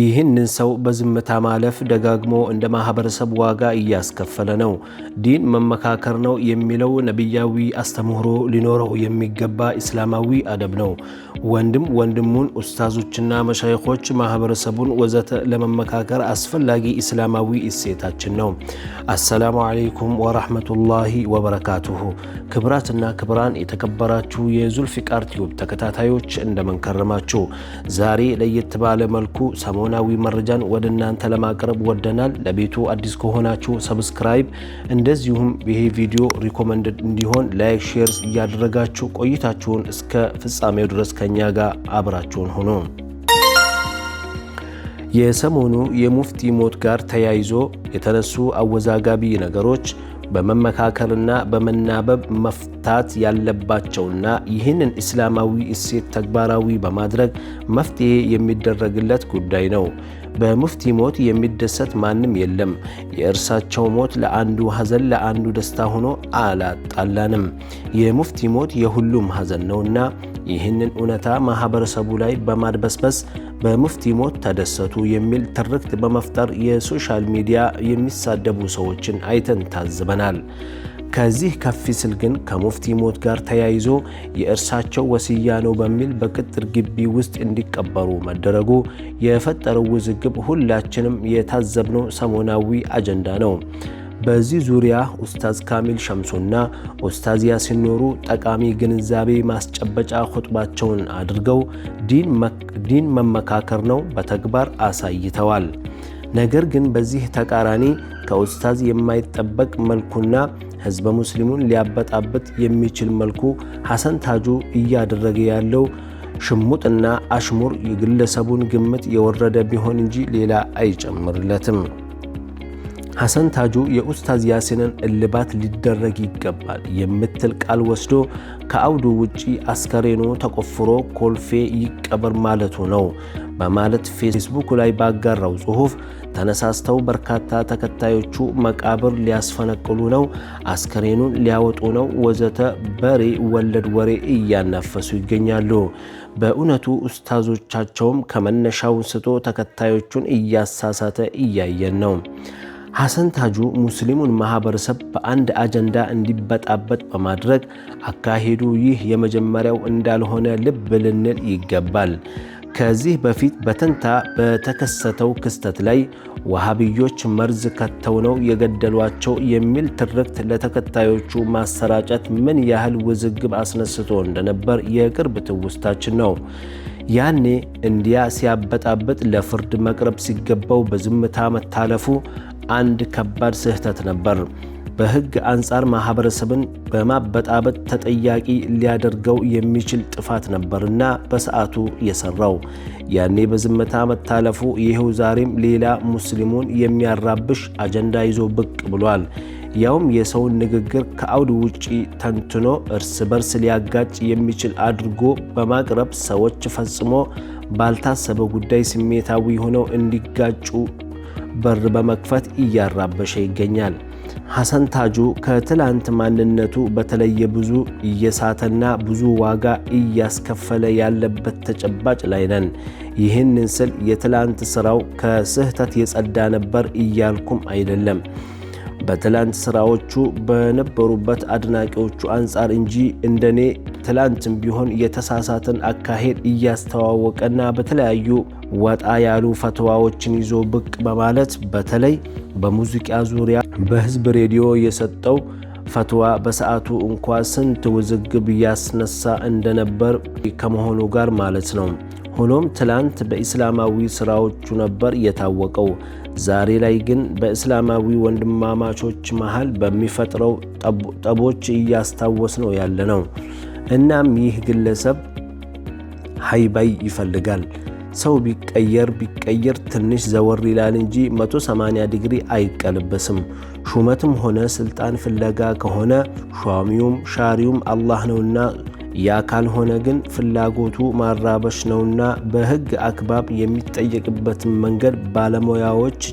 ይህንን ሰው በዝምታ ማለፍ ደጋግሞ እንደ ማህበረሰብ ዋጋ እያስከፈለ ነው። ዲን መመካከር ነው የሚለው ነቢያዊ አስተምህሮ ሊኖረው የሚገባ ኢስላማዊ አደብ ነው። ወንድም ወንድሙን፣ ኡስታዞችና መሻይኮች፣ ማህበረሰቡን ወዘተ ለመመካከር አስፈላጊ ኢስላማዊ እሴታችን ነው። አሰላሙ አለይኩም ወራህመቱላሂ ወበረካቱሁ። ክብራትና ክብራን የተከበራችሁ የዙልፊቃር ቲዩብ ተከታታዮች እንደምንከረማችሁ ዛሬ ለየት ባለ መልኩ ሰሞኑ አዎናዊ መረጃን ወደ እናንተ ለማቅረብ ወደናል። ለቤቱ አዲስ ከሆናችሁ ሰብስክራይብ፣ እንደዚሁም ይሄ ቪዲዮ ሪኮመንድድ እንዲሆን ላይክ፣ ሼር እያደረጋችሁ ቆይታችሁን እስከ ፍጻሜው ድረስ ከኛ ጋር አብራችሁን ሁኑ። የሰሞኑ የሙፍቲ ሞት ጋር ተያይዞ የተነሱ አወዛጋቢ ነገሮች በመመካከልና በመናበብ መፍታት ያለባቸውና ይህንን እስላማዊ እሴት ተግባራዊ በማድረግ መፍትሄ የሚደረግለት ጉዳይ ነው። በሙፍቲ ሞት የሚደሰት ማንም የለም። የእርሳቸው ሞት ለአንዱ ሀዘን ለአንዱ ደስታ ሆኖ አላጣላንም። የሙፍቲ ሞት የሁሉም ሀዘን ነውና ይህንን እውነታ ማህበረሰቡ ላይ በማድበስበስ በሙፍቲ ሞት ተደሰቱ የሚል ትርክት በመፍጠር የሶሻል ሚዲያ የሚሳደቡ ሰዎችን አይተን ታዝበናል። ከዚህ ከፍ ሲል ግን ከሙፍቲ ሞት ጋር ተያይዞ የእርሳቸው ወስያ ነው በሚል በቅጥር ግቢ ውስጥ እንዲቀበሩ መደረጉ የፈጠረው ውዝግብ ሁላችንም የታዘብነው ሰሞናዊ አጀንዳ ነው። በዚህ ዙሪያ ኡስታዝ ካሚል ሸምሶና ኡስታዝ ያሲን ኑሩ ጠቃሚ ግንዛቤ ማስጨበጫ ኹጥባቸውን አድርገው ዲን መመካከር ነው በተግባር አሳይተዋል። ነገር ግን በዚህ ተቃራኒ ከኡስታዝ የማይጠበቅ መልኩና ህዝበ ሙስሊሙን ሊያበጣብጥ የሚችል መልኩ ሐሰን ታጁ እያደረገ ያለው ሽሙጥና አሽሙር የግለሰቡን ግምት የወረደ ቢሆን እንጂ ሌላ አይጨምርለትም። ሐሰን ታጁ የኡስታዝ ያሲንን እልባት ሊደረግ ይገባል የምትል ቃል ወስዶ ከአውዱ ውጪ አስከሬኑ ተቆፍሮ ኮልፌ ይቀበር ማለቱ ነው በማለት ፌስቡክ ላይ ባጋራው ጽሑፍ ተነሳስተው በርካታ ተከታዮቹ መቃብር ሊያስፈነቅሉ ነው፣ አስከሬኑን ሊያወጡ ነው፣ ወዘተ በሬ ወለድ ወሬ እያናፈሱ ይገኛሉ። በእውነቱ ኡስታዞቻቸውም ከመነሻው ስቶ ተከታዮቹን እያሳሳተ እያየን ነው። ሐሰን ታጁ ሙስሊሙን ማህበረሰብ በአንድ አጀንዳ እንዲበጣበጥ በማድረግ አካሄዱ ይህ የመጀመሪያው እንዳልሆነ ልብ ልንል ይገባል። ከዚህ በፊት በተንታ በተከሰተው ክስተት ላይ ወሃብዮች መርዝ ከተው ነው የገደሏቸው የሚል ትርክት ለተከታዮቹ ማሰራጨት ምን ያህል ውዝግብ አስነስቶ እንደነበር የቅርብ ትውስታችን ነው። ያኔ እንዲያ ሲያበጣበጥ ለፍርድ መቅረብ ሲገባው በዝምታ መታለፉ አንድ ከባድ ስህተት ነበር። በሕግ አንጻር ማህበረሰብን በማበጣበጥ ተጠያቂ ሊያደርገው የሚችል ጥፋት ነበርና በሰዓቱ የሰራው። ያኔ በዝምታ መታለፉ ይኸው ዛሬም ሌላ ሙስሊሙን የሚያራብሽ አጀንዳ ይዞ ብቅ ብሏል። ያውም የሰውን ንግግር ከአውድ ውጪ ተንትኖ እርስ በርስ ሊያጋጭ የሚችል አድርጎ በማቅረብ ሰዎች ፈጽሞ ባልታሰበ ጉዳይ ስሜታዊ ሆነው እንዲጋጩ በር በመክፈት እያራበሸ ይገኛል። ሐሰን ታጁ ከትላንት ማንነቱ በተለየ ብዙ እየሳተና ብዙ ዋጋ እያስከፈለ ያለበት ተጨባጭ ላይ ነን። ይህንን ስል የትላንት ስራው ከስህተት የጸዳ ነበር እያልኩም አይደለም። በትላንት ስራዎቹ በነበሩበት አድናቂዎቹ አንጻር እንጂ እንደኔ ትላንትም ቢሆን የተሳሳተን አካሄድ እያስተዋወቀና በተለያዩ ወጣ ያሉ ፈተዋዎችን ይዞ ብቅ በማለት በተለይ በሙዚቃ ዙሪያ በህዝብ ሬዲዮ የሰጠው ፈትዋ በሰዓቱ እንኳ ስንት ውዝግብ እያስነሳ እንደነበር ከመሆኑ ጋር ማለት ነው። ሆኖም ትላንት በኢስላማዊ ስራዎቹ ነበር የታወቀው። ዛሬ ላይ ግን በእስላማዊ ወንድማማቾች መሃል በሚፈጥረው ጠቦች እያስታወስ ነው ያለ ነው። እናም ይህ ግለሰብ ሃይባይ ይፈልጋል። ሰው ቢቀየር ቢቀየር ትንሽ ዘወር ይላል እንጂ 180 ዲግሪ አይቀለበስም። ሹመትም ሆነ ስልጣን ፍለጋ ከሆነ ሿሚውም ሻሪውም አላህ ነውና፣ ያ ካልሆነ ግን ፍላጎቱ ማራበሽ ነውና በሕግ አክባብ የሚጠየቅበትን መንገድ ባለሙያዎች